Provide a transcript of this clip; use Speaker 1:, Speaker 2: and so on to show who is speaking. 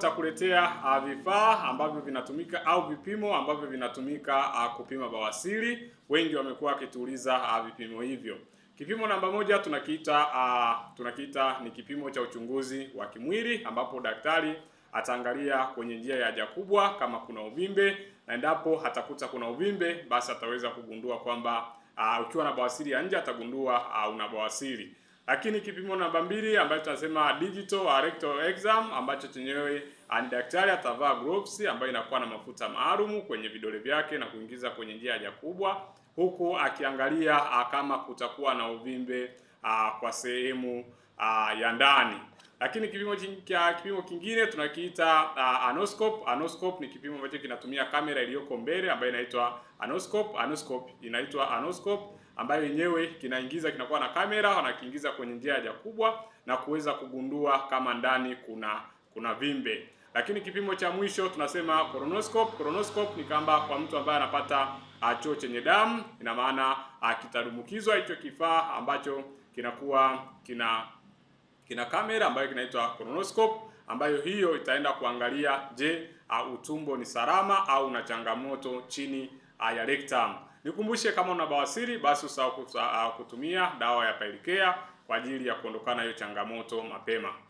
Speaker 1: nitakuletea uh, vifaa ambavyo vinatumika au vipimo ambavyo vinatumika uh, kupima bawasiri. Wengi wamekuwa wakituuliza uh, vipimo hivyo. Kipimo namba moja tunakiita uh, tunakiita ni kipimo cha uchunguzi wa kimwili ambapo daktari ataangalia kwenye njia ya haja kubwa kama kuna uvimbe, na endapo atakuta kuna uvimbe, basi ataweza kugundua kwamba uh, ukiwa na bawasiri ya nje atagundua uh, una bawasiri lakini kipimo namba mbili ambacho tunasema digital rectal exam ambacho chenyewe ah, ni daktari atavaa gloves ambayo inakuwa na mafuta maalum kwenye vidole vyake na kuingiza kwenye njia haja kubwa, huku akiangalia ah, kama kutakuwa na uvimbe ah, kwa sehemu ya ndani. Lakini kipimo cha kipimo kingine tunakiita uh, anoscope. Anoscope ni kipimo ambacho kinatumia kamera iliyoko mbele ambayo inaitwa anoscope. Anoscope inaitwa anoscope ambayo yenyewe kinaingiza kinakuwa na kamera wanakiingiza kwenye njia haja kubwa na kuweza kugundua kama ndani kuna kuna vimbe. Lakini kipimo cha mwisho tunasema colonoscope. Colonoscope ni kamba kwa mtu ambaye anapata choo chenye damu, ina maana kitadumukizwa hicho kifaa ambacho kinakuwa kina kina kamera ambayo kinaitwa colonoscope ambayo hiyo itaenda kuangalia, je, uh, utumbo ni salama au una changamoto chini uh, ya rectum. Nikumbushe, kama una bawasiri basi usahau kutumia dawa ya Pilecare kwa ajili ya kuondokana hiyo changamoto mapema.